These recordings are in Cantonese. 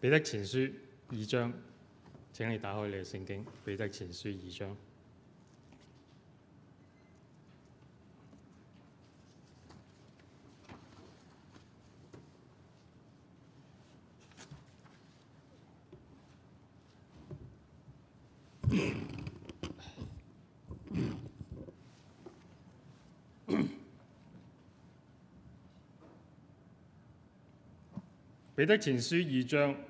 彼得前書二章，請你打開你嘅聖經，彼得前書二章。彼得 前書二章。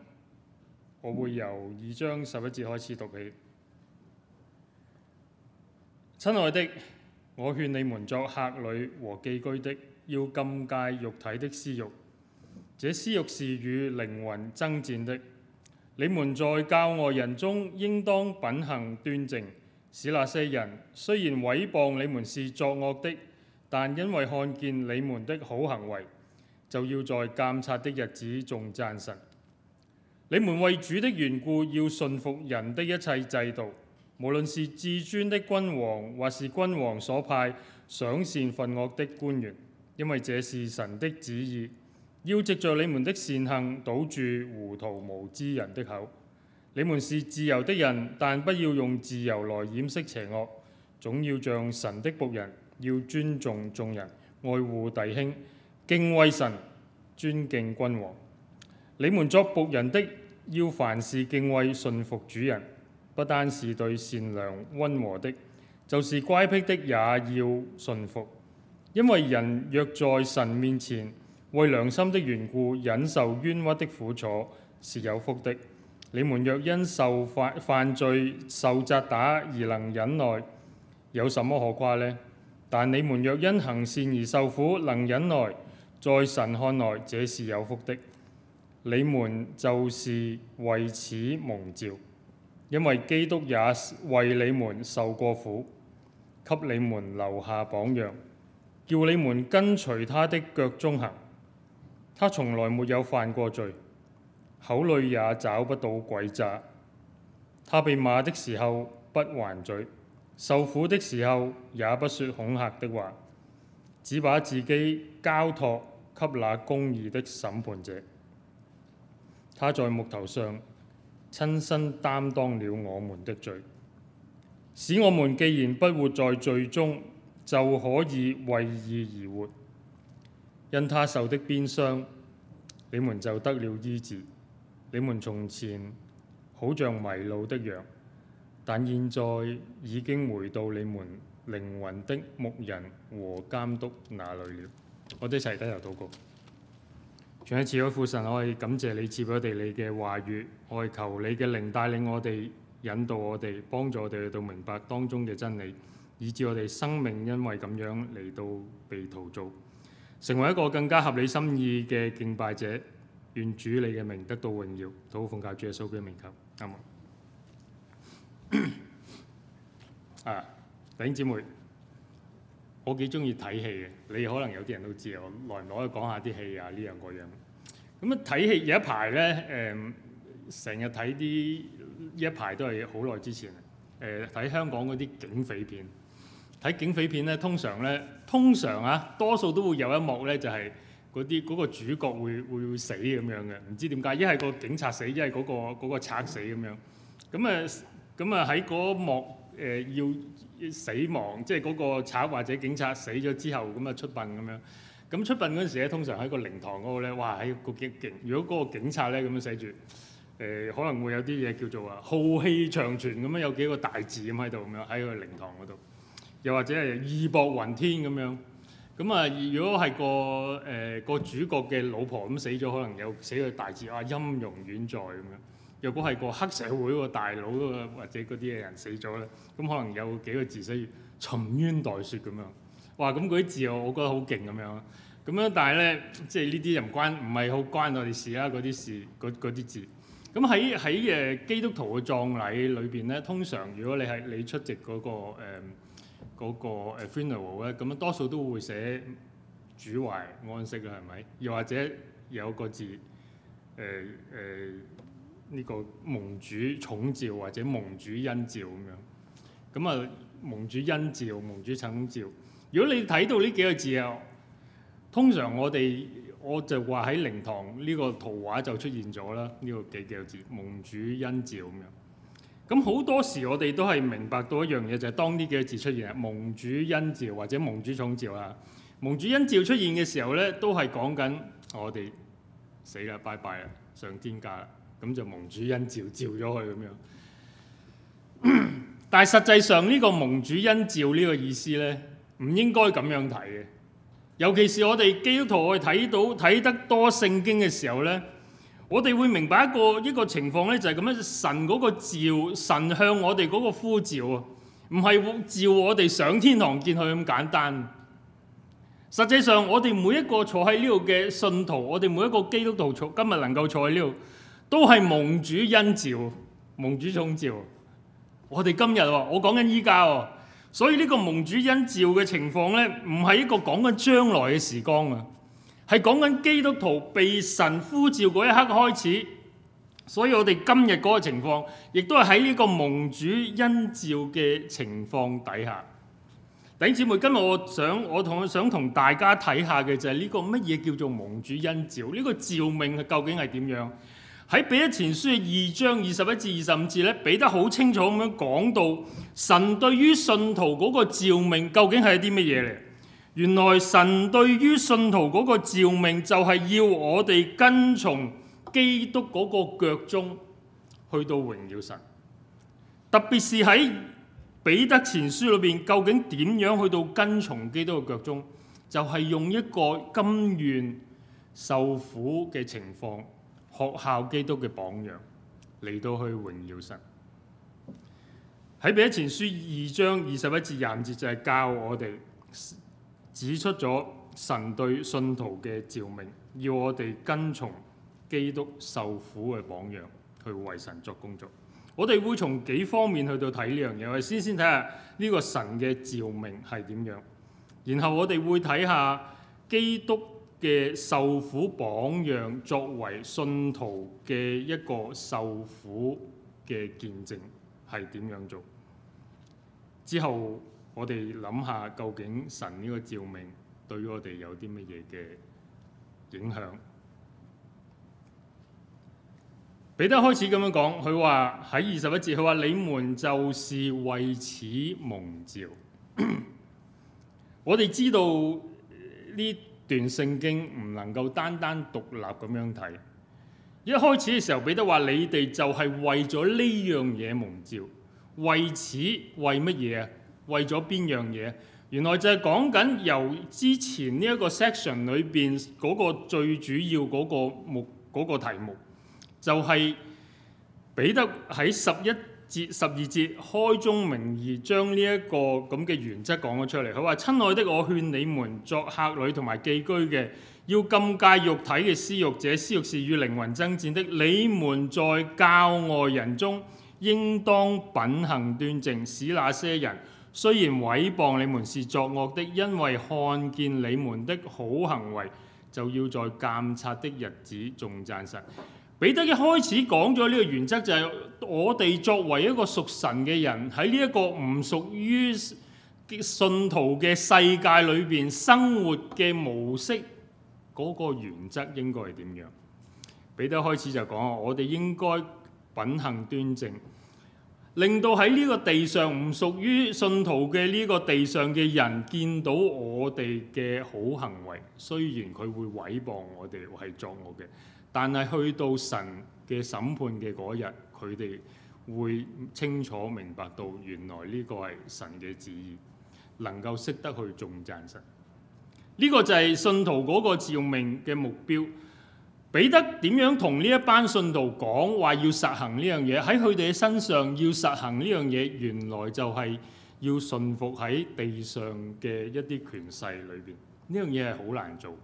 我會由二章十一節開始讀起。親愛的，我勸你們作客旅和寄居的，要禁戒肉體的私慾。這私慾是與靈魂爭戰的。你們在教外人中，應當品行端正，使那些人雖然毀謗你們是作惡的，但因為看見你們的好行為，就要在監察的日子中讚神。你們為主的緣故要順服人的一切制度，無論是至尊的君王，或是君王所派賞善分惡的官員，因為這是神的旨意。要藉着你們的善行堵住糊塗無知人的口。你們是自由的人，但不要用自由來掩飾邪惡，總要像神的僕人，要尊重眾人，愛護弟兄，敬畏神，尊敬君王。你們作僕人的。要凡事敬畏信服主人，不單是對善良溫和的，就是乖僻的也要信服。因為人若在神面前為良心的緣故忍受冤屈的苦楚是有福的。你們若因受犯罪受責打而能忍耐，有什麼可誇呢？但你們若因行善而受苦，能忍耐，在神看來這是有福的。你們就是為此蒙召，因為基督也為你們受過苦，給你們留下榜樣，叫你們跟隨他的腳蹤行。他從來沒有犯過罪，口裏也找不到詭詐。他被罵的時候不還嘴，受苦的時候也不說恐嚇的話，只把自己交託給那公義的審判者。他在木頭上親身擔當了我們的罪，使我們既然不活在罪中，就可以為義而活。因他受的鞭傷，你們就得了醫治。你們從前好像迷路的羊，但現在已經回到你們靈魂的牧人和監督那裡了。我哋一齊低下頭禱告。再一次，我父神，我係感謝你賜我哋你嘅話語，我係求你嘅靈帶領我哋，引導我哋，幫助我哋去到明白當中嘅真理，以致我哋生命因為咁樣嚟到被陶造，成為一個更加合你心意嘅敬拜者。願主你嘅名得到榮耀，禱告奉主耶穌基督嘅名求，阿們 Amen. 啊，弟兄姐妹。我幾中意睇戲嘅，你可能有啲人都知我耐唔耐去啊。耐唔耐講下啲戲啊，呢樣嗰樣。咁啊睇戲有一排咧，誒成日睇啲呢一排都係好耐之前誒睇、嗯、香港嗰啲警匪片。睇警匪片咧，通常咧，通常啊，多數都會有一幕咧，就係嗰啲嗰個主角會會死咁樣嘅。唔知點解，一係個警察死，一係嗰個嗰、嗰個賊、死咁樣。咁誒咁誒喺嗰幕。誒、呃、要死亡，即係嗰個賊或者警察死咗之後，咁啊出殯。咁樣。咁出殯嗰陣時咧，通常喺個靈堂嗰、那個咧，哇！個警，如果嗰個警察咧，咁樣寫住誒、呃，可能會有啲嘢叫做話浩氣長存咁樣，有幾個大字咁喺度咁樣喺個靈堂嗰度。又或者係義薄雲天咁樣。咁啊，如果係個誒、呃、個主角嘅老婆咁死咗，可能有寫個大字啊，音容遠在咁樣。若果係個黑社會個大佬嗰個或者嗰啲嘅人死咗咧，咁可能有幾個字，所以沉冤待雪咁樣，哇！咁嗰啲字我我覺得好勁咁樣。咁樣，但係咧即係呢啲又唔關唔係好關我哋事啊嗰啲事啲字。咁喺喺誒基督徒嘅葬禮裏邊咧，通常如果你係你出席嗰、嗰個誒嗰、呃嗰個 funeral 咧，咁樣多數都會寫主懷安息啦，係咪？又或者有個字誒誒。呃呃呢個蒙主寵召或者蒙主恩召咁樣，咁啊蒙主恩召、蒙主寵召。如果你睇到呢幾個字啊，通常我哋我就話喺靈堂呢、這個圖畫就出現咗啦。呢、這個幾幾個字，蒙主恩召咁樣。咁好多時我哋都係明白到一樣嘢，就係、是、當呢幾個字出現，蒙主恩召或者蒙主寵召。啦。蒙主恩召出現嘅時候咧，都係講緊我哋死啦，拜拜啦，上天界啦。咁就蒙主恩召召咗佢咁樣， 但係實際上呢個蒙主恩召呢個意思呢，唔應該咁樣睇嘅。尤其是我哋基督徒去睇到睇得多聖經嘅時候呢，我哋會明白一個一個情況呢，就係咁樣，神嗰個召，神向我哋嗰個呼召啊，唔係召我哋上天堂見佢咁簡單。實際上，我哋每一個坐喺呢度嘅信徒，我哋每一個基督徒坐今日能夠坐喺呢度。都係蒙主恩召，蒙主寵召。我哋今日，我講緊依家喎，所以呢個蒙主恩召嘅情況呢，唔係一個講緊將來嘅時光啊，係講緊基督徒被神呼召嗰一刻開始。所以我哋今日嗰個情況，亦都係喺呢個蒙主恩召嘅情況底下。弟兄姊妹，今日我想，我同我想同大家睇下嘅就係呢個乜嘢叫做蒙主恩召？呢個召命究竟係點樣？喺彼得前書二章二十一至二十五節咧，彼得好清楚咁樣講到神對於信徒嗰個召命，究竟係啲乜嘢？嚟原來神對於信徒嗰個召命，就係要我哋跟從基督嗰個腳蹤去到榮耀神。特別是喺彼得前書裏邊，究竟點樣去到跟從基督嘅腳蹤？就係、是、用一個甘願受苦嘅情況。學效基督嘅榜樣嚟到去榮耀神。喺彼得前書二章二十一至廿五節就係、是、教我哋指出咗神對信徒嘅召命，要我哋跟從基督受苦嘅榜樣去為神作工作。我哋會從幾方面去到睇呢樣嘢，我哋先先睇下呢個神嘅召命係點樣，然後我哋會睇下基督。嘅受苦榜樣，作為信徒嘅一個受苦嘅見證，係點樣做？之後我哋諗下，究竟神呢個召命對於我哋有啲乜嘢嘅影響？彼得開始咁樣講，佢話喺二十一節，佢話你們就是為此蒙召。 我哋知道呢段聖經唔能夠單單獨立咁樣睇。一開始嘅時候，彼得話你哋就係為咗呢樣嘢蒙召，為此為乜嘢啊？為咗邊樣嘢？原來就係講緊由之前呢一個 section 裏邊，嗰個最主要個目、嗰個題目，就係、是、彼得喺十一。節十二節，開宗明義將呢一個咁嘅原則講咗出嚟。佢話：親愛的，我勸你們作客旅同埋寄居嘅，要禁戒肉體嘅私慾者。私慾是與靈魂爭戰的。你們在教外人中，應當品行端正，使那些人雖然毀謗你們是作惡的，因為看見你們的好行為，就要在監察的日子仲讚實。彼得一開始講咗呢個原則，就係我哋作為一個屬神嘅人喺呢一個唔屬於信徒嘅世界裏邊生活嘅模式嗰個原則應該係點樣？彼得開始就講我哋應該品行端正，令到喺呢個地上唔屬於信徒嘅呢個地上嘅人見到我哋嘅好行為，雖然佢會毀謗我哋，或係作惡嘅。但係去到神嘅審判嘅嗰日，佢哋會清楚明白到原來呢個係神嘅旨意，能夠識得去重讚神。呢、這個就係信徒嗰個召命嘅目標。彼得點樣同呢一班信徒講話要實行呢樣嘢？喺佢哋嘅身上要實行呢樣嘢，原來就係要順服喺地上嘅一啲權勢裏邊。呢樣嘢係好難做，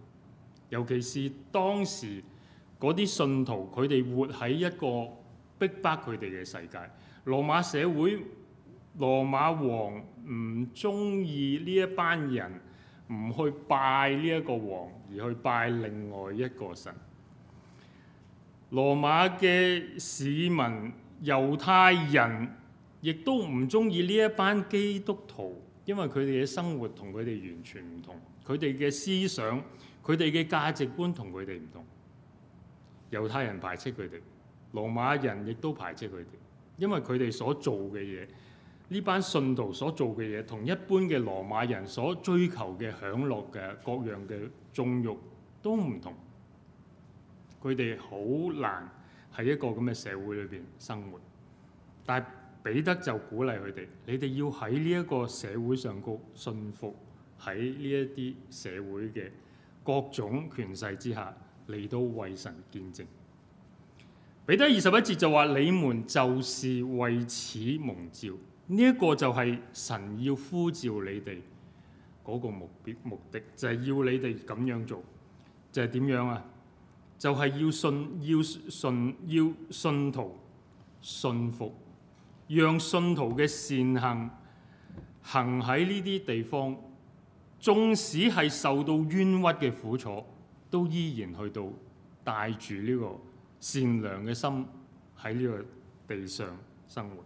尤其是當時。嗰啲信徒，佢哋活喺一個逼迫佢哋嘅世界。羅馬社會，羅馬王唔中意呢一班人唔去拜呢一個王，而去拜另外一個神。羅馬嘅市民、猶太人亦都唔中意呢一班基督徒，因為佢哋嘅生活同佢哋完全唔同，佢哋嘅思想、佢哋嘅價值觀同佢哋唔同。猶太人排斥佢哋，羅馬人亦都排斥佢哋，因為佢哋所做嘅嘢，呢班信徒所做嘅嘢，同一般嘅羅馬人所追求嘅享樂嘅各樣嘅縱欲都唔同。佢哋好難喺一個咁嘅社會裏邊生活。但係彼得就鼓勵佢哋：「你哋要喺呢一個社會上高信服，喺呢一啲社會嘅各種權勢之下。嚟到為神見證，彼得二十一節就話：你們就是為此蒙召，呢一個就係神要呼召你哋嗰個目標目的，目的就係要你哋咁樣做，就係點樣啊？就係要信，要信，要信徒信服，讓信徒嘅善行行喺呢啲地方，縱使係受到冤屈嘅苦楚。都依然去到帶住呢個善良嘅心喺呢個地上生活，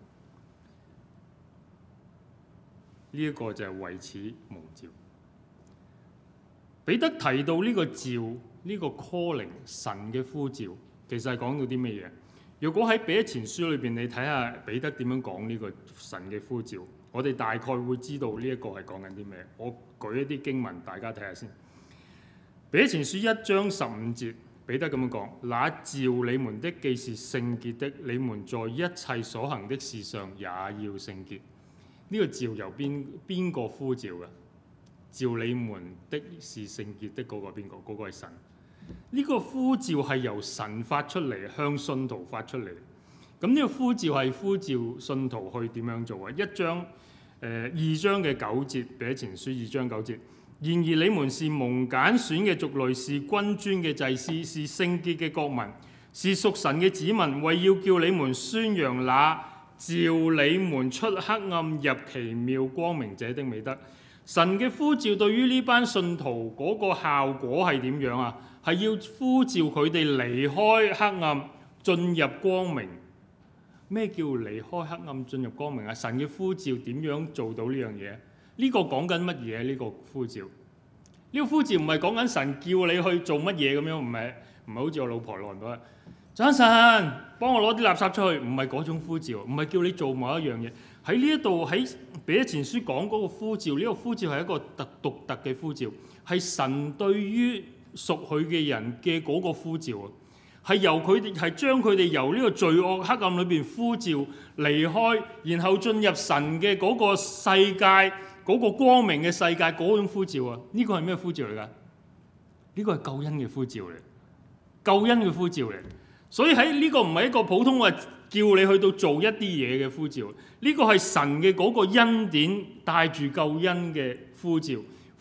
呢一個就係為此蒙召。彼得提到呢個召、呢個 calling、神嘅呼召，其實係講到啲咩嘢？如果喺彼得前書裏邊，你睇下彼得點樣講呢個神嘅呼召，我哋大概會知道呢一個係講緊啲咩。我舉一啲經文，大家睇下先。彼得前書一章十五節，彼得咁樣講：那召你們的既是聖潔的，你們在一切所行的事上也要聖潔。呢、這個召由邊邊個呼召嘅？召你們的是聖潔的嗰、那個邊、那個？嗰個係神。呢、這個呼召係由神發出嚟，向信徒發出嚟。咁呢個呼召係呼召信徒去點樣做啊？一章誒、呃、二章嘅九節，彼得前書二章九節。然而你們是蒙揀選嘅族類，是君尊嘅祭司，是聖潔嘅國民，是屬神嘅子民，為要叫你們宣揚那召你們出黑暗入奇妙光明者的美德。神嘅呼召對於呢班信徒嗰個效果係點樣啊？係要呼召佢哋離開黑暗，進入光明。咩叫離開黑暗，進入光明啊？神嘅呼召點樣做到呢樣嘢？呢個講緊乜嘢？呢個呼召，呢個呼召唔係講緊神叫你去做乜嘢咁樣，唔係唔係好似我老婆攞唔到，Johnson 幫我攞啲垃圾出去，唔係嗰種呼召，唔係叫你做某一樣嘢。喺呢一度喺彼得前書講嗰個呼召，呢個呼召係一個特獨特嘅呼召，係神對於屬佢嘅人嘅嗰個呼召啊，係由佢哋係將佢哋由呢個罪惡黑暗裏邊呼召離開，然後進入神嘅嗰個世界。嗰個光明嘅世界嗰種呼召啊，呢個係咩呼召嚟噶？呢個係救恩嘅呼召嚟，救恩嘅呼召嚟。所以喺呢個唔係一個普通話叫你去到做一啲嘢嘅呼召，呢個係神嘅嗰個恩典帶住救恩嘅呼召，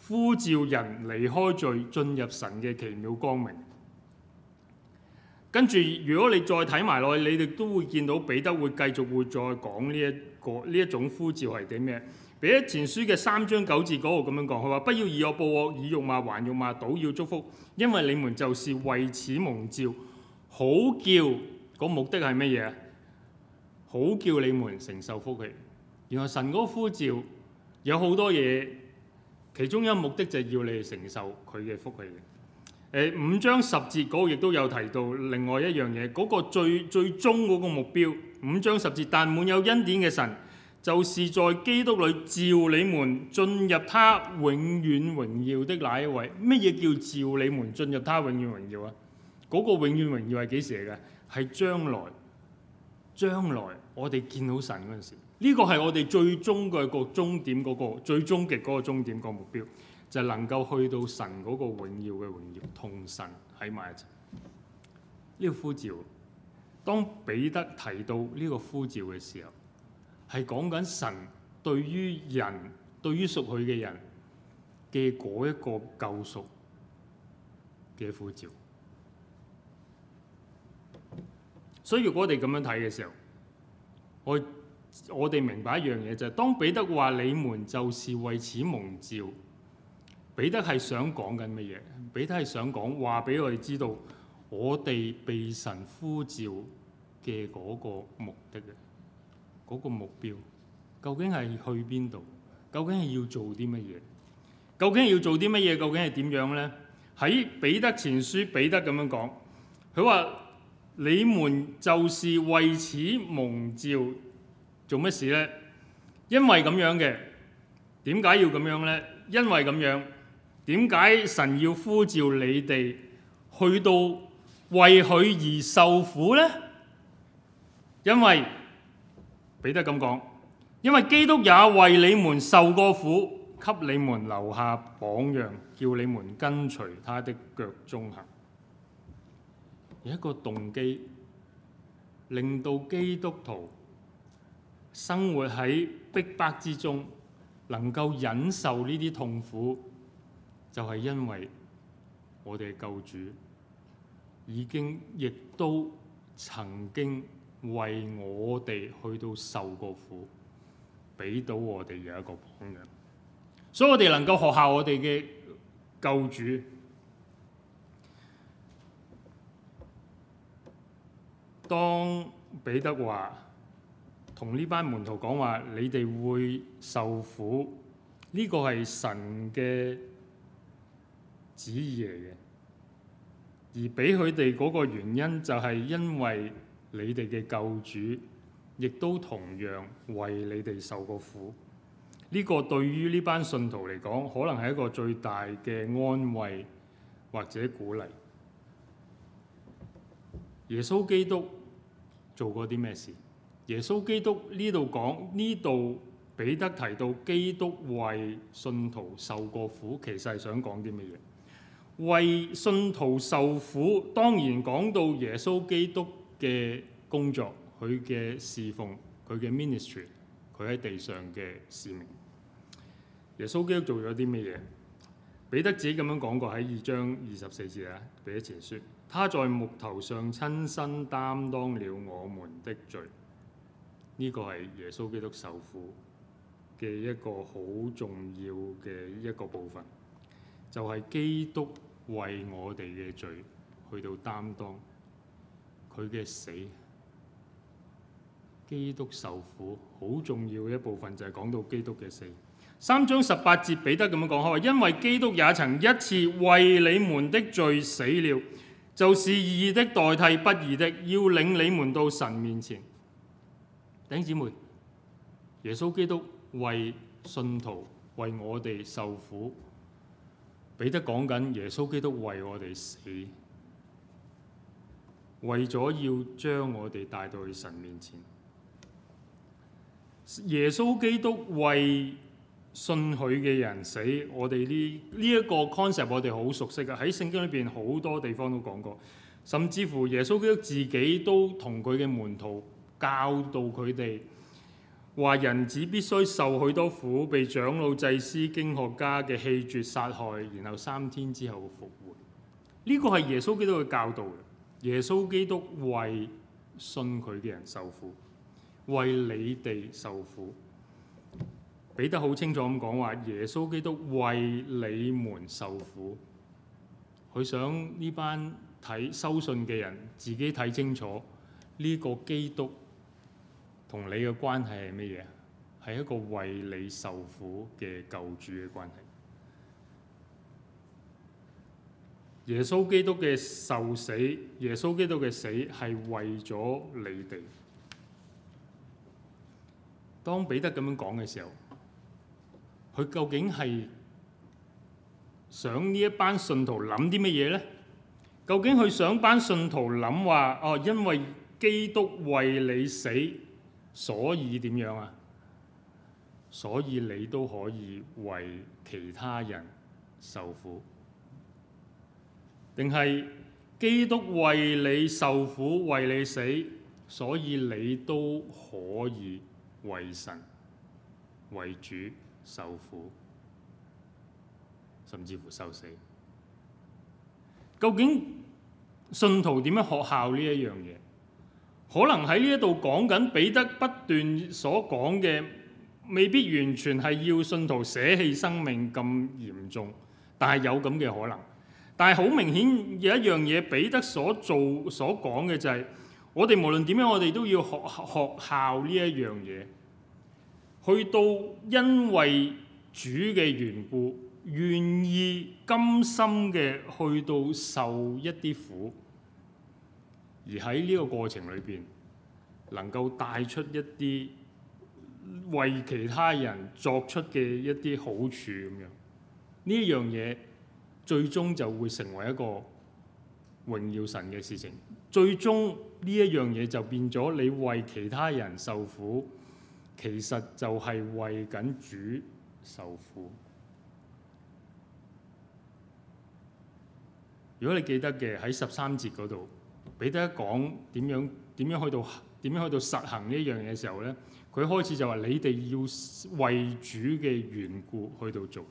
呼召人離開罪，進入神嘅奇妙光明。跟住，如果你再睇埋落去，你哋都會見到彼得會繼續會再講呢一個呢一種呼召係啲咩？彼得前書嘅三章九節嗰個咁樣講，佢話：不要以惡報惡，以辱罵還辱罵，倒要祝福，因為你們就是為此蒙召。好叫嗰、那個、目的係乜嘢？好叫你們承受福氣。原來神嗰呼召有好多嘢，其中一個目的就係要你哋承受佢嘅福氣嘅。誒、呃、五章十節嗰個亦都有提到另外一樣嘢，嗰、那個最最終嗰個目標。五章十節，但滿有恩典嘅神。就是在基督裏召你們進入他永遠榮耀的那一位。乜嘢叫召你們進入他永遠榮耀啊？嗰個永遠榮耀係幾時嚟嘅？係將來，將來我哋見到神嗰陣時，呢個係我哋最終嘅一個終點，嗰個最終極嗰個終點個目標，就係能夠去到神嗰個榮耀嘅榮耀，同神喺埋一齊。呢個呼召，當彼得提到呢個呼召嘅時候。係講緊神對於人、對於屬佢嘅人嘅嗰一個救贖嘅呼召。所以，如果我哋咁樣睇嘅時候，我我哋明白一樣嘢就係，當彼得話你們就是為此蒙召，彼得係想講緊乜嘢？彼得係想講話俾我哋知道，我哋被神呼召嘅嗰個目的嘅。嗰個目標究竟係去邊度？究竟係要做啲乜嘢？究竟要做啲乜嘢？究竟係點樣呢？喺彼得前書，彼得咁樣講，佢話：你們就是為此蒙召，做乜事呢？因為咁樣嘅，點解要咁樣呢？因為咁樣，點解神要呼召你哋去到為佢而受苦呢？」因為彼得咁講，因為基督也為你們受過苦，給你們留下榜樣，叫你們跟隨他的腳蹤行。有一個動機，令到基督徒生活喺逼迫之中，能夠忍受呢啲痛苦，就係、是、因為我哋嘅救主已經亦都曾經。為我哋去到受過苦，俾到我哋有一個榜樣，所以我哋能夠學下我哋嘅救主。當彼得話同呢班門徒講話，你哋會受苦，呢、這個係神嘅旨意嚟嘅，而俾佢哋嗰個原因就係因為。你哋嘅救主亦都同樣為你哋受過苦。呢個對於呢班信徒嚟講，可能係一個最大嘅安慰或者鼓勵。耶穌基督做過啲咩事？耶穌基督呢度講，呢度彼得提到基督為信徒受過苦，其實係想講啲乜嘢？為信徒受苦，當然講到耶穌基督嘅工作，佢嘅侍奉，佢嘅 ministry，佢喺地上嘅使命。耶穌基督做咗啲咩嘢？彼得自己咁樣講過喺二章二十四節啊，彼得前書，他在木頭上親身擔當了我們的罪。呢、這個係耶穌基督受苦嘅一個好重要嘅一個部分，就係、是、基督為我哋嘅罪去到擔當。佢嘅死，基督受苦好重要嘅一部分就係講到基督嘅死。三章十八節彼得咁樣講開，因為基督也曾一次為你們的罪死了，就是義的代替不義的，要領你們到神面前。弟兄姊妹，耶穌基督為信徒為我哋受苦。彼得講緊耶穌基督為我哋死。為咗要將我哋帶到去神面前，耶穌基督為信佢嘅人死，我哋呢呢一個 concept 我哋好熟悉㗎，喺聖經裏邊好多地方都講過，甚至乎耶穌基督自己都同佢嘅門徒教導佢哋，話人子必須受許多苦，被長老祭司經學家嘅棄絕殺害，然後三天之後復活。呢、這個係耶穌基督嘅教導。耶穌基督為信佢嘅人受苦，為你哋受苦，彼得好清楚咁講話，耶穌基督為你們受苦，佢想呢班睇收信嘅人自己睇清楚呢個基督同你嘅關係係乜嘢？係一個為你受苦嘅救主嘅關係。耶穌基督嘅受死，耶穌基督嘅死係為咗你哋。當彼得咁樣講嘅時候，佢究竟係想呢一班信徒諗啲乜嘢呢？究竟佢想班信徒諗話哦，因為基督為你死，所以點樣啊？所以你都可以為其他人受苦。定係基督為你受苦，為你死，所以你都可以為神為主受苦，甚至乎受死。究竟信徒點樣學效呢一樣嘢？可能喺呢一度講緊彼得不斷所講嘅，未必完全係要信徒捨棄生命咁嚴重，但係有咁嘅可能。但係好明顯有一樣嘢，彼得所做所講嘅，就係我哋無論點樣，我哋都要學學效呢一樣嘢，去到因為主嘅緣故願意甘心嘅去到受一啲苦，而喺呢個過程裏邊能夠帶出一啲為其他人作出嘅一啲好處咁樣呢一樣嘢。最終就會成為一個榮耀神嘅事情。最終呢一樣嘢就變咗，你為其他人受苦，其實就係為緊主受苦。如果你記得嘅喺十三節嗰度，彼得講點樣點樣去到點樣去到實行呢一樣嘢時候呢，佢開始就話：你哋要為主嘅緣故去到做。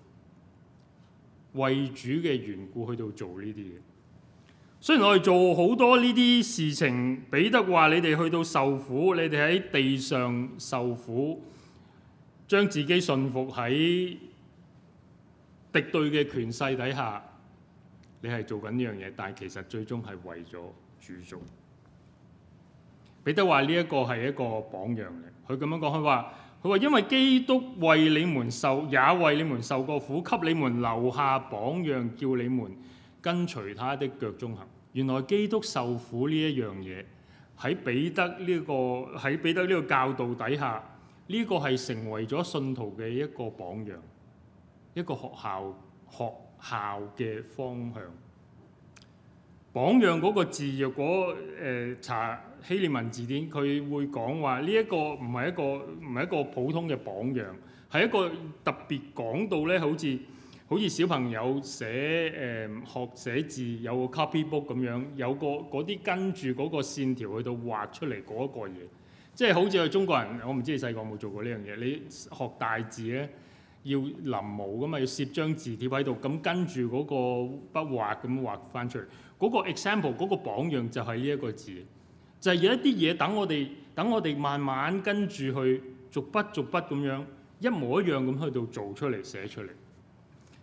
為主嘅緣故去到做呢啲嘢，雖然我哋做好多呢啲事情，彼得話你哋去到受苦，你哋喺地上受苦，將自己順服喺敵對嘅權勢底下，你係做緊呢樣嘢，但係其實最終係為咗主做。彼得話呢一個係一個榜樣嘅，佢咁樣講，佢話。佢話：因為基督為你們受，也為你們受過苦，給你們留下榜樣，叫你們跟隨他的腳蹤行。原來基督受苦呢一樣嘢，喺彼得呢、這個喺彼得呢個教導底下，呢、這個係成為咗信徒嘅一個榜樣，一個學校學校嘅方向。榜樣嗰個字，若果誒、呃、查。希臘文字典佢會講話，呢一個唔係一個唔係一個普通嘅榜樣，係一個特別講到咧，好似好似小朋友寫誒、呃、學寫字有個 copybook 咁樣，有個嗰啲跟住嗰個線條去到畫出嚟嗰個嘢，即係好似我中國人，我唔知你細個有冇做過呢樣嘢。你學大字咧要臨摹噶嘛，要攝張字帖喺度，咁跟住嗰個筆畫咁畫翻出嚟，嗰、那個 example 嗰個榜樣就係呢一個字。就係有一啲嘢等我哋，等我哋慢慢跟住去，逐筆逐筆咁樣一模一樣咁去到做出嚟、寫出嚟。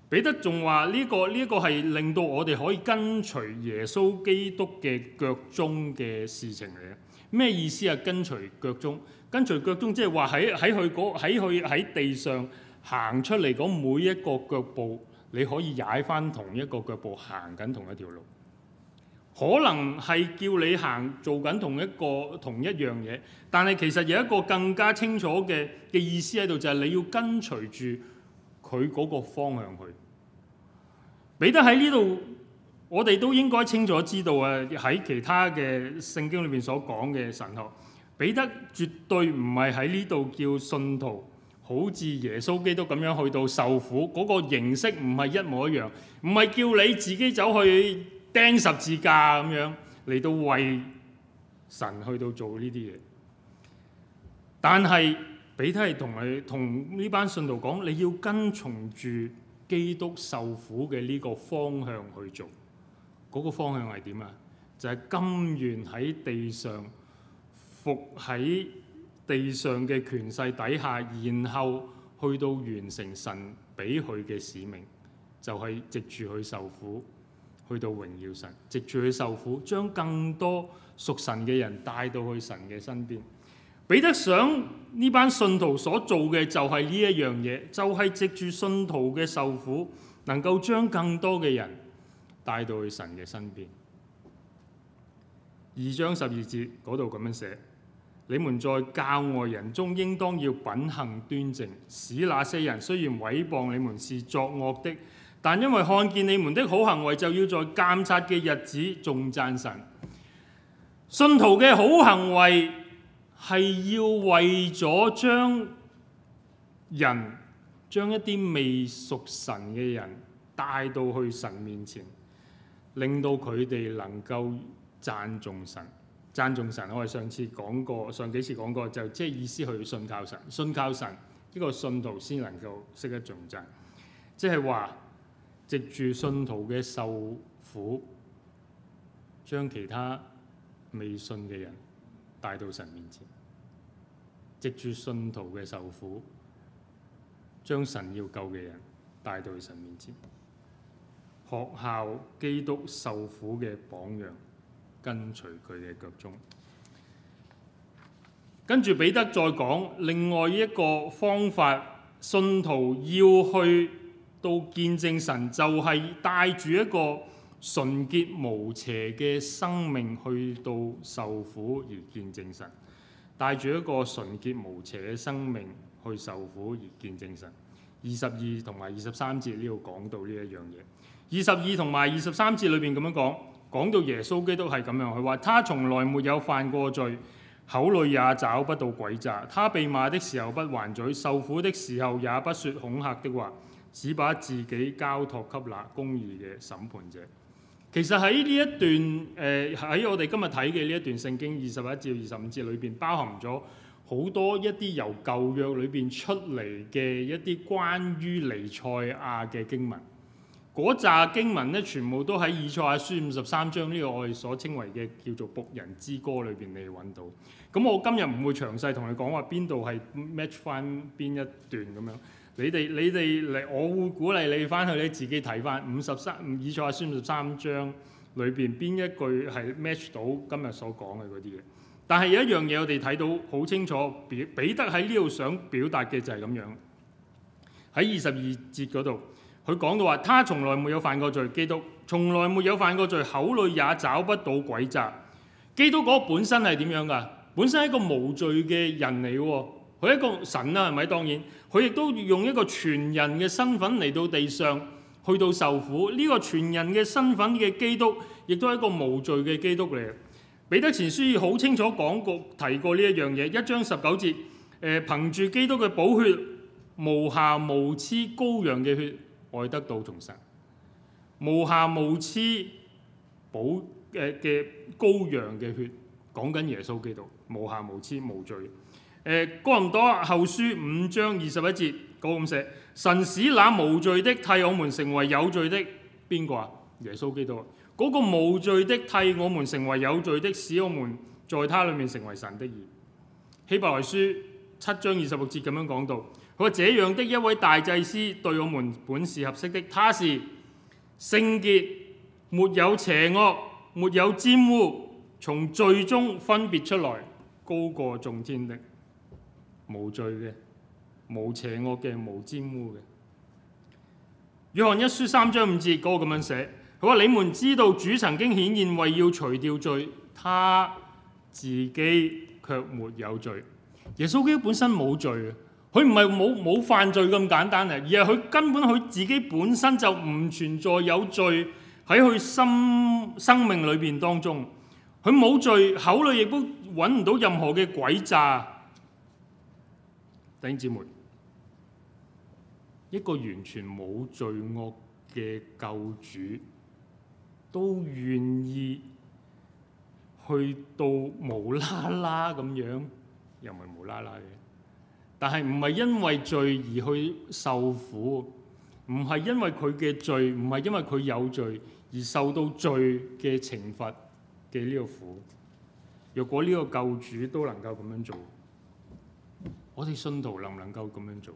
彼得仲話：呢個呢個係令到我哋可以跟隨耶穌基督嘅腳蹤嘅事情嚟嘅。咩意思啊？跟隨腳蹤，跟隨腳蹤即係話喺喺佢喺佢喺地上行出嚟嗰每一個腳步，你可以踩翻同一個腳步行緊同一條路。可能係叫你行做緊同一個同一樣嘢，但係其實有一個更加清楚嘅嘅意思喺度，就係你要跟隨住佢嗰個方向去。彼得喺呢度，我哋都應該清楚知道啊！喺其他嘅聖經裏面所講嘅神學，彼得絕對唔係喺呢度叫信徒，好似耶穌基督咁樣去到受苦嗰個形式唔係一模一樣，唔係叫你自己走去。釘十字架咁樣嚟到為神去到做呢啲嘢，但係彼得係同佢同呢班信徒講，你要跟從住基督受苦嘅呢個方向去做，嗰、那個方向係點啊？就係、是、甘願喺地上伏喺地上嘅權勢底下，然後去到完成神俾佢嘅使命，就係藉住去受苦。去到榮耀神，藉住去受苦，將更多屬神嘅人帶到去神嘅身邊。彼得想呢班信徒所做嘅就係呢一樣嘢，就係、是、藉住信徒嘅受苦，能夠將更多嘅人帶到去神嘅身邊。二章十二節嗰度咁樣寫：「你們在教外人中，應當要品行端正，使那些人雖然毀謗你們，是作惡的。但因為看見你們的好行為，就要在監察嘅日子重讚神。信徒嘅好行為係要為咗將人將一啲未屬神嘅人帶到去神面前，令到佢哋能夠讚頌神、讚頌神。我哋上次講過，上幾次講過，就即係意思去信靠神、信靠神，呢個信徒先能夠識得重讚，即係話。藉住信徒嘅受苦，將其他未信嘅人帶到神面前；藉住信徒嘅受苦，將神要救嘅人帶到神面前。學效基督受苦嘅榜樣，跟隨佢嘅腳蹤。跟住彼得再講，另外一個方法，信徒要去。到見證神就係帶住一個純潔無邪嘅生命去到受苦而見證神，帶住一個純潔無邪嘅生命去受苦而見證神。二十二同埋二十三節呢度講到呢一樣嘢。二十二同埋二十三節裏邊咁樣講，講到耶穌基督係咁樣，佢話，他從來沒有犯過罪，口裏也找不到詭詐。他被罵的時候不還嘴，受苦的時候也不說恐嚇的話。只把自己交託給那公義嘅審判者。其實喺呢一段，誒、呃、喺我哋今日睇嘅呢一段聖經二十一至二十五節裏邊，包含咗好多一啲由舊約裏邊出嚟嘅一啲關於彌賽亞嘅經文。嗰紮經文咧，全部都喺以賽亞書五十三章，呢個我哋所稱為嘅叫做僕人之歌裏邊你揾到。咁我今日唔會詳細同你講話邊度係 match 返邊一段咁樣。你哋你哋嚟，我會鼓勵你翻去你自己睇翻五十三《以賽亞書》五十三章裏邊邊一句係 match 到今日所講嘅嗰啲嘢。但係有一樣嘢我哋睇到好清楚，彼得喺呢度想表達嘅就係咁樣。喺二十二節嗰度，佢講到話：他從來沒有犯過罪，基督從來沒有犯過罪，口裏也找不到詭詐。基督嗰本身係點樣㗎？本身係一個無罪嘅人嚟喎，佢係一個神啦、啊，係咪？當然。佢亦都用一個全人嘅身份嚟到地上，去到受苦。呢、這個全人嘅身份嘅基督，亦都係一個無罪嘅基督嚟嘅。彼得前書好清楚講過提過呢一樣嘢，一章十九節，誒、呃、憑住基督嘅寶血，無瑕無疵羔羊嘅血，愛得到重生。無瑕無疵寶誒嘅羔羊嘅血，講緊耶穌基督無瑕無疵無罪。誒，哥林、呃、多後書五章二十一節嗰、那個神使那無罪的替我們成為有罪的。邊個啊？耶穌基督嗰、那個無罪的替我們成為有罪的，使我們在他裏面成為神的義。希伯來書七章二十六節咁樣講到，我這樣的一位大祭司對我們本是合適的，他是聖潔，沒有邪惡，沒有玷污，從罪中分別出來，高過眾天的。無罪嘅，無邪惡嘅，無沾污嘅。約翰一書三章五節嗰、那個咁樣寫，佢話你們知道主曾經顯現為要除掉罪，他自己卻沒有罪。耶穌基督本身冇罪嘅，佢唔係冇冇犯罪咁簡單嘅，而係佢根本佢自己本身就唔存在有罪喺佢心生命裏邊當中，佢冇罪，口裏亦都揾唔到任何嘅詭詐。弟兄姊妹，一個完全冇罪惡嘅救主，都願意去到無啦啦咁樣，又唔係無啦啦嘅。但係唔係因為罪而去受苦，唔係因為佢嘅罪，唔係因為佢有罪而受到罪嘅懲罰嘅呢個苦。若果呢個救主都能夠咁樣做。我哋信徒能唔能夠咁樣做？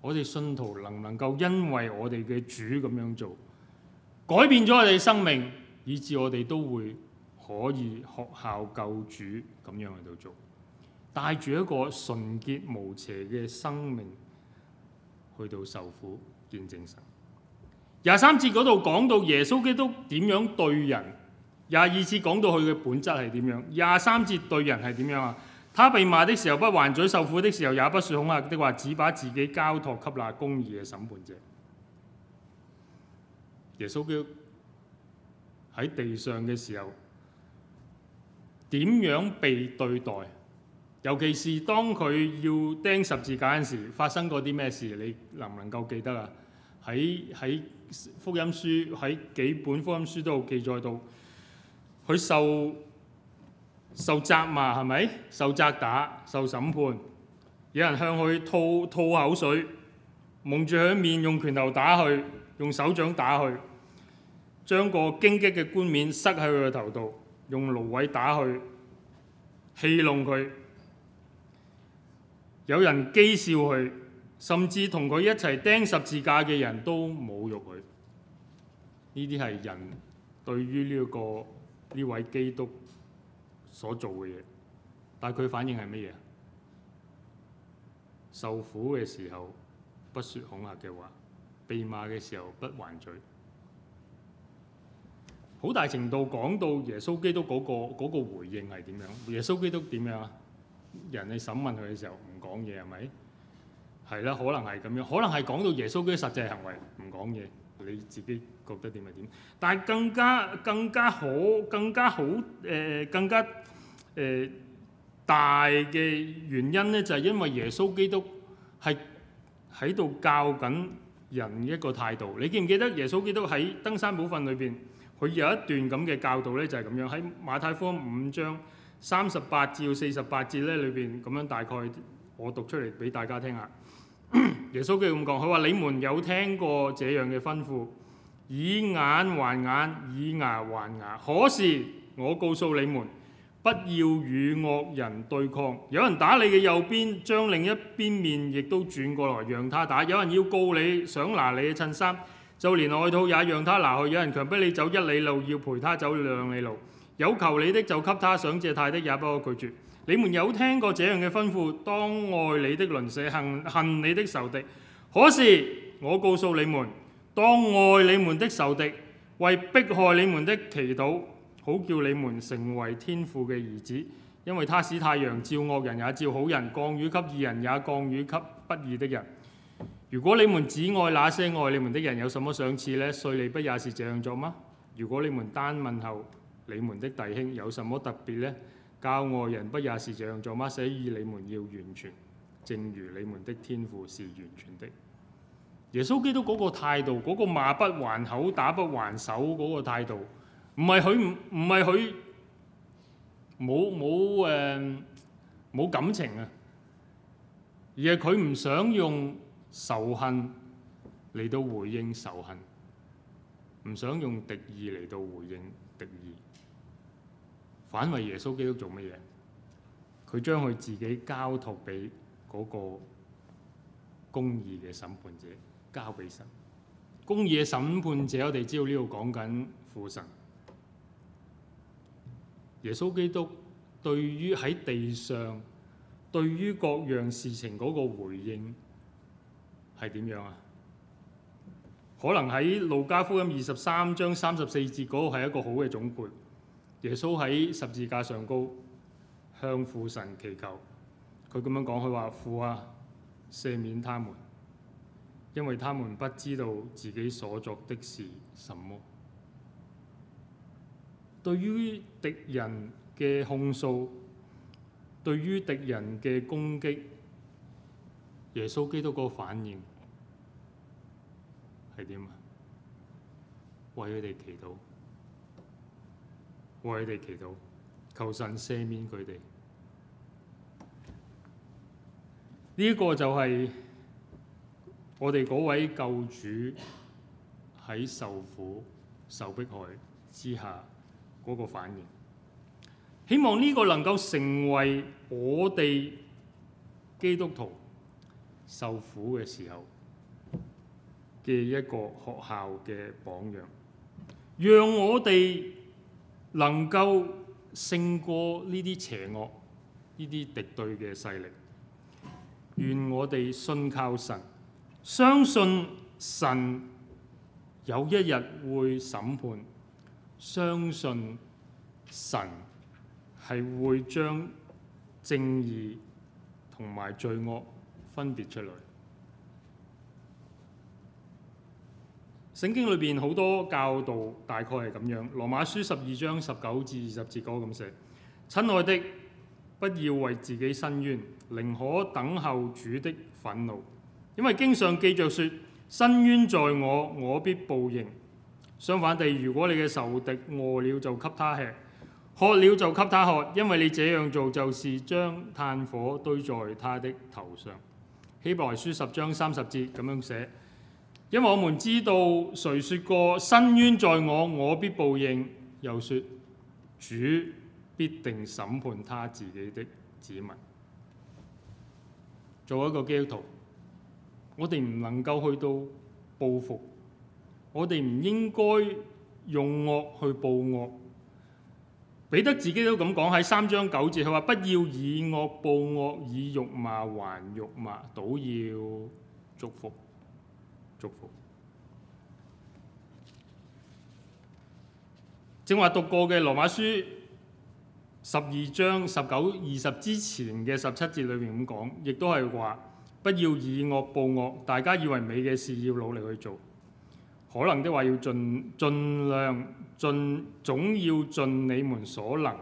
我哋信徒能唔能夠因為我哋嘅主咁樣做，改變咗我哋生命，以致我哋都會可以學效救主咁樣去度做，帶住一個純潔無邪嘅生命去到受苦見證神。廿三節嗰度講到耶穌基督點樣對人，廿二節講到佢嘅本質係點樣，廿三節對人係點樣啊？他被罵的時候不還嘴，受苦的時候也不説恐嚇的話，只把自己交託給那公義嘅審判者。耶穌基督喺地上嘅時候點樣被對待？尤其是當佢要釘十字架嗰陣時候，發生過啲咩事？你能唔能夠記得啊？喺喺福音書，喺幾本福音書都有記載到，佢受。受責罵係咪？受責打、受審判，有人向佢吐吐口水，蒙住佢面用拳頭打佢，用手掌打佢，將個荊棘嘅冠冕塞喺佢個頭度，用蘆葦打佢，戲弄佢，有人譏笑佢，甚至同佢一齊釘十字架嘅人都侮辱佢。呢啲係人對於呢個呢位基督。所做嘅嘢，但係佢反應係咩嘢啊？受苦嘅時候，不說恐嚇嘅話，被罵嘅時候，不還嘴，好大程度講到耶穌基督嗰個嗰個回應係點樣？耶穌基督點樣啊？人哋審問佢嘅時候唔講嘢係咪？係啦，可能係咁樣，可能係講到耶穌基督實際行為唔講嘢，你自己覺得點係點？但係更加更加好更加好誒更加。誒、呃、大嘅原因呢，就係、是、因為耶穌基督係喺度教緊人一個態度。你記唔記得耶穌基督喺登山寶訓裏邊，佢有一段咁嘅教導呢，就係、是、咁樣喺馬太福音五章三十八至四十八節呢裏邊，咁樣大概我讀出嚟俾大家聽下。 耶穌基督咁講，佢話：你們有聽過這樣嘅吩咐，以眼還眼，以牙還牙。可是我告訴你們。不要與惡人對抗。有人打你嘅右邊，將另一邊面亦都轉過來讓他打。有人要告你，想拿你嘅襯衫，就連外套也讓他拿去。有人強迫你走一里路，要陪他走兩里路。有求你的就給他，想借貸的也不可拒絕。你們有聽過這樣嘅吩咐：當愛你的鄰舍，恨恨你的仇敵。可是我告訴你們，當愛你們的仇敵，為迫害你們的祈禱。好叫你們成為天父嘅兒子，因為他使太陽照惡人也照好人，降雨給義人也降雨給不義的人。如果你們只愛那些愛你們的人，有什麼賞賜呢？稅吏不也是這樣做嗎？如果你們單問候你們的弟兄，有什麼特別呢？教外人不也是這樣做嗎？所以你們要完全，正如你們的天父是完全的。耶穌基督嗰個態度，嗰個罵不還口、打不還手嗰個態度。唔係佢唔，唔係佢冇，冇誒，冇感情啊，而係佢唔想用仇恨嚟到回應仇恨，唔想用敵意嚟到回應敵意，反為耶穌基督做乜嘢？佢將佢自己交託俾嗰個公義嘅審判者，交俾神。公義嘅審判者，我哋知道呢度講緊父神。耶穌基督對於喺地上對於各樣事情嗰個回應係點樣啊？可能喺路加福音二十三章三十四節嗰個係一個好嘅總括。耶穌喺十字架上高向父神祈求，佢咁樣講，佢話：「父啊，赦免他們，因為他們不知道自己所作的是什麼。」對於敵人嘅控訴，對於敵人嘅攻擊，耶穌基督個反應係點啊？為佢哋祈禱，為佢哋祈禱，求神赦免佢哋。呢個就係我哋嗰位救主喺受苦受迫害之下，嗰個反應，希望呢個能夠成為我哋基督徒受苦嘅時候嘅一個學校嘅榜樣，讓我哋能夠勝過呢啲邪惡、呢啲敵對嘅勢力。願我哋信靠神，相信神有一日會審判。相信神係會將正義同埋罪惡分別出來。聖經裏邊好多教導，大概係咁樣。羅馬書十二章十九至二十節嗰個咁寫：親愛的，不要為自己申冤，寧可等候主的憤怒，因為經上記著說：申冤在我，我必報應。相反地，如果你嘅仇敵餓了就給他吃，渴了就給他喝，因為你這樣做就是將炭火堆在他的頭上。希伯來書十章三十節咁樣寫，因為我們知道誰説過：伸冤在我，我必報應。又説：主必定審判他自己的子民。做一個基督徒，我哋唔能夠去到報復。我哋唔應該用惡去報惡。彼得自己都咁講喺三章九節，佢話：不要以惡報惡，以辱罵還辱罵，都要祝福祝福。正話讀過嘅羅馬書十二章十九二十之前嘅十七節裏面咁講，亦都係話：不要以惡報惡。大家以為美嘅事，要努力去做。可能的話，要盡盡量盡總要盡你們所能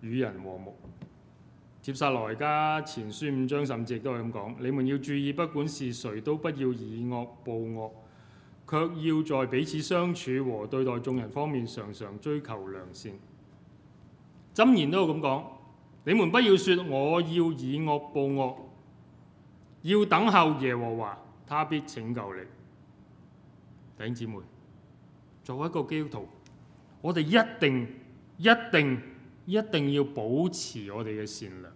與人和睦。帖撒羅尼迦前書五章甚至都係咁講，你們要注意，不管是誰都不要以惡報惡，卻要在彼此相處和對待眾人方面常常追求良善。箴言都有咁講，你們不要說我要以惡報惡，要等候耶和華，他必拯救你。弟兄姊妹，作為一個基督徒，我哋一定、一定、一定要保持我哋嘅善良。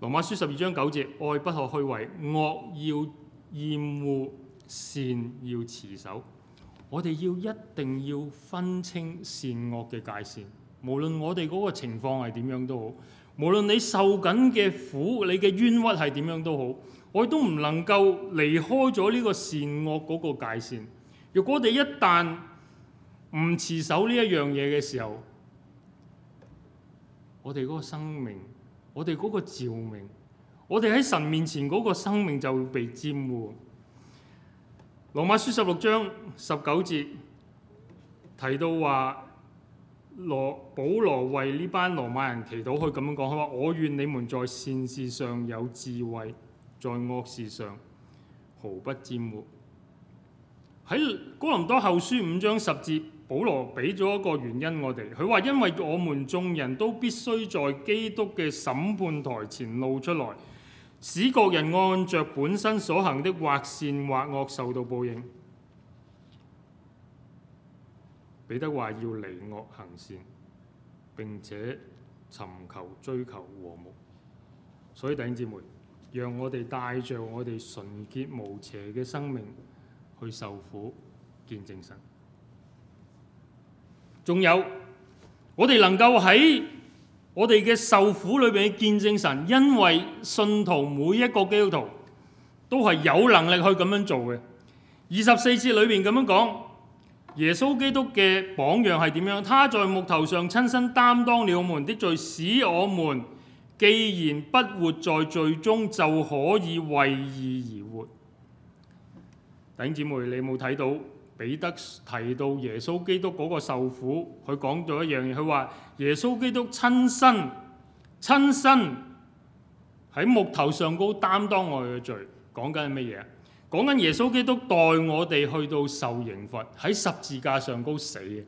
羅馬書十二章九節：愛不可虛偽，惡要厭惡，善要持守。我哋要一定要分清善惡嘅界線。無論我哋嗰個情況係點樣都好，無論你受緊嘅苦、你嘅冤屈係點樣都好。我哋都唔能夠離開咗呢個善惡嗰個界線。若果我哋一旦唔持守呢一樣嘢嘅時候，我哋嗰個生命、我哋嗰個照明、我哋喺神面前嗰個生命就會被玷污。羅馬書十六章十九節提到話，羅保羅為呢班羅馬人祈禱，可以咁樣講，佢話我願你們在善事上有智慧。在惡事上毫不沾污。喺哥林多後書五章十節，保羅俾咗一個原因我哋，佢話因為我們眾人都必須在基督嘅審判台前露出來，使各人按着本身所行的或善或惡受到報應。彼得話要離惡行善，並且尋求追求和睦。所以弟兄姊妹。讓我哋帶著我哋純潔無邪嘅生命去受苦，見證神。仲有，我哋能夠喺我哋嘅受苦裏邊去見證神，因為信徒每一個基督徒都係有能力去咁樣做嘅。二十四節裏面咁樣講，耶穌基督嘅榜樣係點樣？他在木頭上親身擔當了我們的罪，使我們。既然不活在罪中，就可以為義而活。頂姐妹，你冇睇到彼得提到耶穌基督嗰個受苦，佢講咗一樣嘢，佢話耶穌基督親身親身喺木頭上高擔當我哋嘅罪，講緊係乜嘢？講緊耶穌基督代我哋去到受刑罰，喺十字架上高死嘅。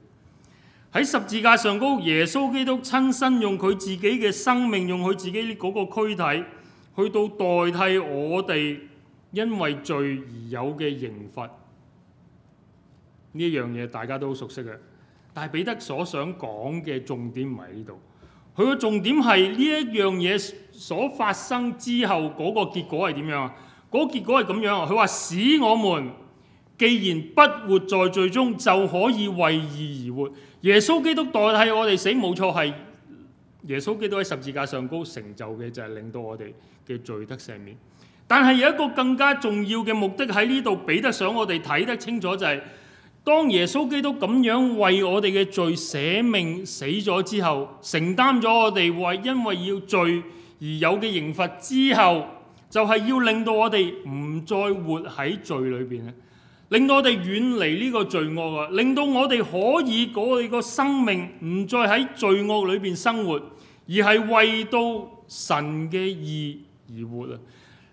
喺十字架上高，耶穌基督親身用佢自己嘅生命，用佢自己嗰個軀體，去到代替我哋，因為罪而有嘅刑罰呢一樣嘢，大家都熟悉嘅。但係彼得所想講嘅重點唔喺呢度，佢嘅重點係呢一樣嘢所發生之後嗰個結果係點樣啊？嗰個結果係咁樣啊？佢話使我們既然不活在罪中，就可以為義而，而活。耶穌基督代替我哋死冇錯，係耶穌基督喺十字架上高成就嘅就係令到我哋嘅罪得赦免。但係有一個更加重要嘅目的喺呢度俾得上我哋睇得清楚，就係當耶穌基督咁樣為我哋嘅罪捨命死咗之後，承擔咗我哋為因為要罪而有嘅刑罰之後，就係要令到我哋唔再活喺罪裏邊啊！令我哋遠離呢個罪惡啊！令到我哋可以我哋個生命唔再喺罪惡裏邊生活，而係為到神嘅義而活啊！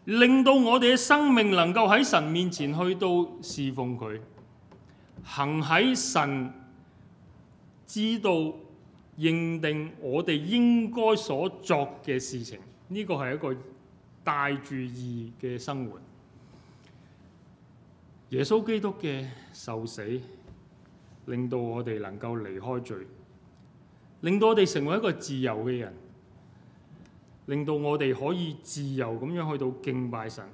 令到我哋嘅生命能夠喺神面前去到侍奉佢，行喺神知道認定我哋應該所作嘅事情，呢、這個係一個帶住義嘅生活。耶穌基督嘅受死，令到我哋能夠離開罪，令到我哋成為一個自由嘅人，令到我哋可以自由咁樣去到敬拜神，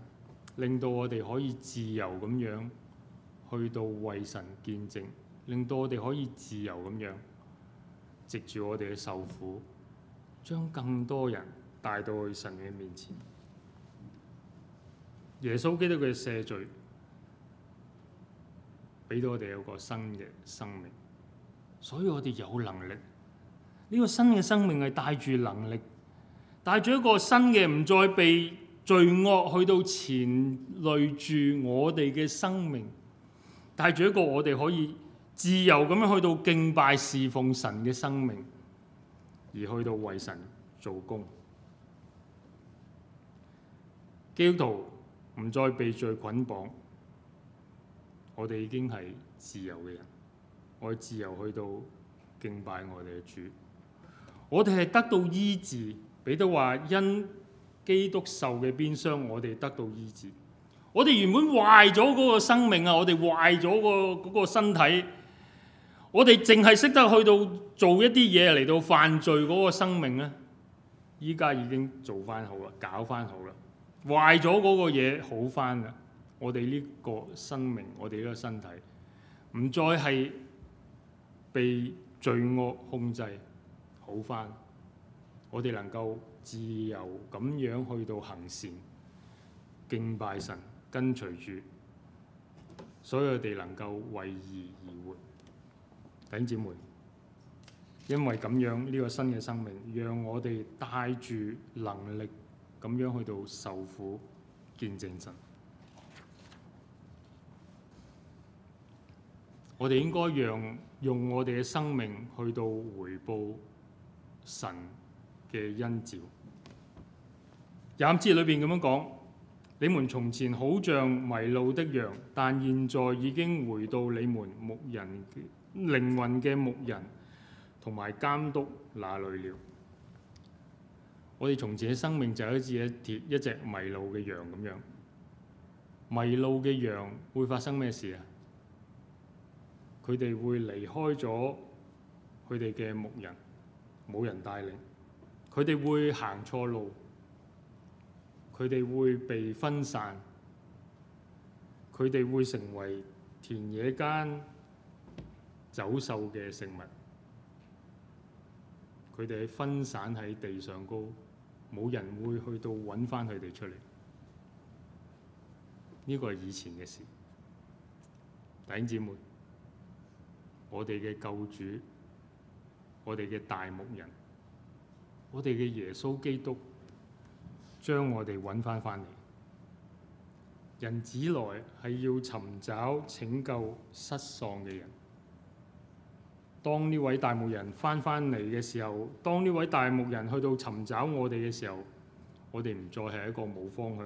令到我哋可以自由咁樣去到為神見證，令到我哋可以自由咁樣藉住我哋嘅受苦，將更多人帶到去神嘅面前。耶穌基督嘅赦罪。俾到我哋有個新嘅生命，所以我哋有能力。呢個新嘅生命係帶住能力，帶住一個新嘅，唔再被罪惡去到纏累住我哋嘅生命，帶住一個我哋可以自由咁樣去到敬拜侍奉神嘅生命，而去到為神做工。基督徒唔再被罪捆綁。我哋已經係自由嘅人，我哋自由去到敬拜我哋嘅主。我哋係得到醫治，彼得話因基督受嘅鞭傷，我哋得到醫治。我哋原本壞咗嗰個生命啊，我哋壞咗個嗰個身體。我哋淨係識得去到做一啲嘢嚟到犯罪嗰個生命咧，依家已經做翻好啦，搞翻好啦，壞咗嗰個嘢好翻啦。我哋呢個生命，我哋呢個身體，唔再係被罪惡控制，好返。我哋能夠自由咁樣去到行善、敬拜神、跟隨主，所以我哋能夠為義而活，弟兄姊妹。因為咁樣呢個新嘅生命，讓我哋帶住能力咁樣去到受苦，見證神。我哋應該讓用我哋嘅生命去到回報神嘅恩召。廿五節裏邊咁樣講，你們從前好像迷路的羊，但現在已經回到你們牧人靈魂嘅牧人同埋監督那裡了。我哋從前嘅生命就好似一隻迷路嘅羊咁樣，迷路嘅羊會發生咩事啊？佢哋會離開咗佢哋嘅牧人，冇人帶領，佢哋會行錯路，佢哋會被分散，佢哋會成為田野間走獸嘅食物，佢哋分散喺地上高，冇人會去到搵返佢哋出嚟。呢個係以前嘅事，弟兄姊妹。我哋嘅救主，我哋嘅大牧人，我哋嘅耶穌基督，將我哋搵翻翻嚟。人子來係要尋找拯救失喪嘅人。當呢位大牧人翻翻嚟嘅時候，當呢位大牧人去到尋找我哋嘅時候，我哋唔再係一個冇方向、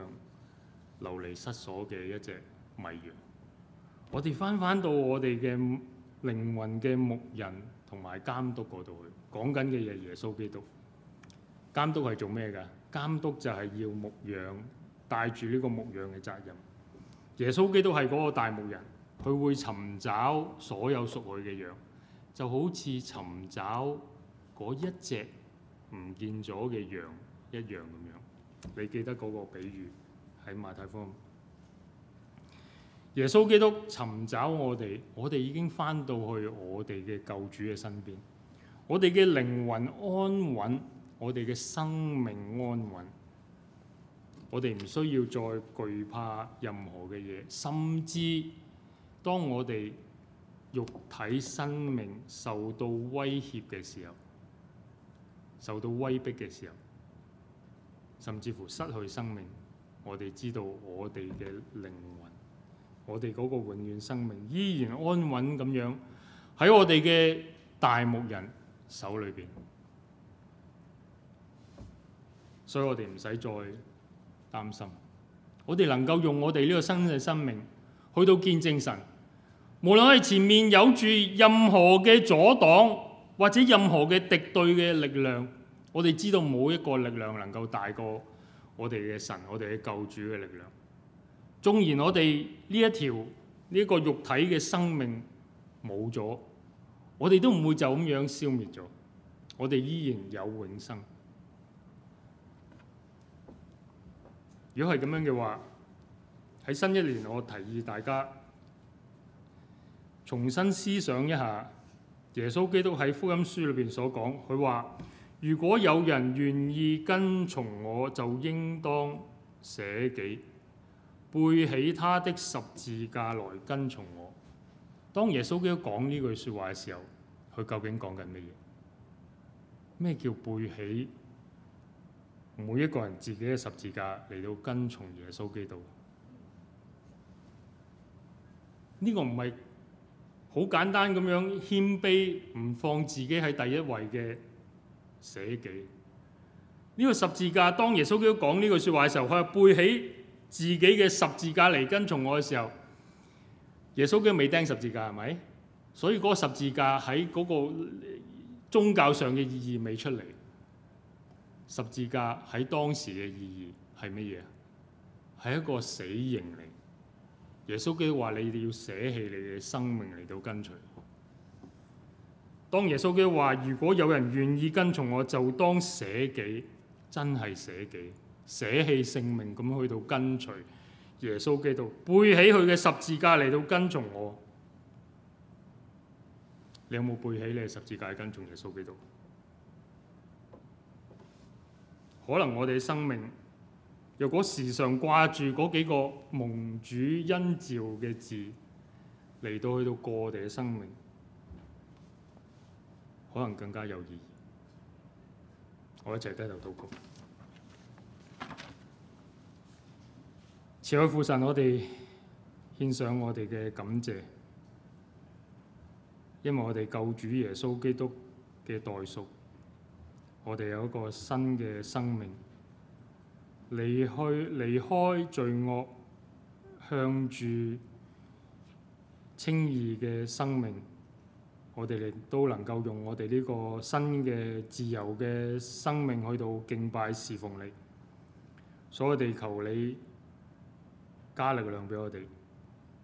流離失所嘅一隻迷羊。我哋翻翻到我哋嘅靈魂嘅牧人同埋監督嗰度去，講緊嘅嘢，耶穌基督監督係做咩嘅？監督就係要牧羊，帶住呢個牧羊嘅責任。耶穌基督係嗰個大牧人，佢會尋找所有屬佢嘅羊，就好似尋找嗰一隻唔見咗嘅羊一樣咁樣。你記得嗰個比喻喺馬太福音。耶穌基督尋找我哋，我哋已經翻到去我哋嘅救主嘅身邊，我哋嘅靈魂安穩，我哋嘅生命安穩，我哋唔需要再懼怕任何嘅嘢，甚至當我哋肉體生命受到威脅嘅時候，受到威逼嘅時候，甚至乎失去生命，我哋知道我哋嘅靈魂。我哋嗰個永遠生命依然安穩咁樣喺我哋嘅大牧人手裏邊，所以我哋唔使再擔心。我哋能夠用我哋呢個新嘅生命去到見證神，無論係，前面有住任何嘅阻擋或者任何嘅敵對嘅力量，我哋知道冇一個力量能夠大過我哋嘅神，我哋嘅救主嘅力量。縱然我哋呢一條呢個肉體嘅生命冇咗，我哋都唔會就咁樣消滅咗，我哋依然有永生。如果係咁樣嘅話，喺新一年，我提議大家重新思想一下耶穌基督喺福音書裏邊所講，佢話：如果有人願意跟從我，就應當捨己。背起他的十字架來跟從我。當耶穌基督講呢句說話嘅時候，佢究竟講緊乜嘢？咩叫背起每一個人自己嘅十字架嚟到跟從耶穌基督？呢個唔係好簡單咁樣謙卑，唔放自己喺第一位嘅捨己。呢個十字架，當耶穌基督講呢句說話嘅時候，佢係背起自己嘅十字架嚟跟從我嘅時候，耶穌基未釘十字架係咪？所以嗰個十字架喺嗰個宗教上嘅意義未出嚟。十字架喺當時嘅意義係乜嘢？係一個死刑嚟。耶穌基督話你哋要捨棄你嘅生命嚟到跟隨。當耶穌基督話如果有人願意跟從我，就當捨己，真係捨己。捨棄性命，咁去到跟隨耶穌基督，背起佢嘅十字架嚟到跟從我。你有冇背起你嘅十字架跟從耶穌基督？可能我哋嘅生命，若果時常掛住嗰幾個蒙主恩召嘅字，嚟到去到過我哋嘅生命，可能更加有意義。我哋一齊低頭禱告。慈愛父神，我哋獻上我哋嘅感謝，因為我哋救主耶穌基督嘅代贖，我哋有一個新嘅生命，離去離開罪惡，向住稱義嘅生命，我哋亦都能夠用我哋呢個新嘅自由嘅生命去到敬拜侍奉你。所以我哋求你，加力量俾我哋，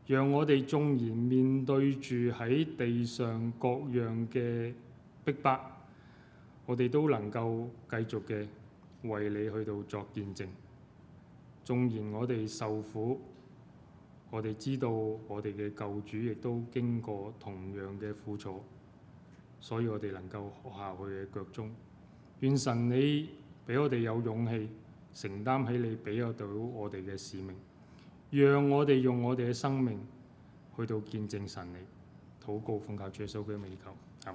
讓我哋縱然面對住喺地上各樣嘅逼迫，我哋都能夠繼續嘅為你去到作見證。縱然我哋受苦，我哋知道我哋嘅救主亦都經過同樣嘅苦楚，所以我哋能夠學下佢嘅腳蹤。願神你俾我哋有勇氣，承擔起你俾到我哋嘅使命。讓我哋用我哋嘅生命去到見證神理，禱告奉靠主耶穌嘅名求，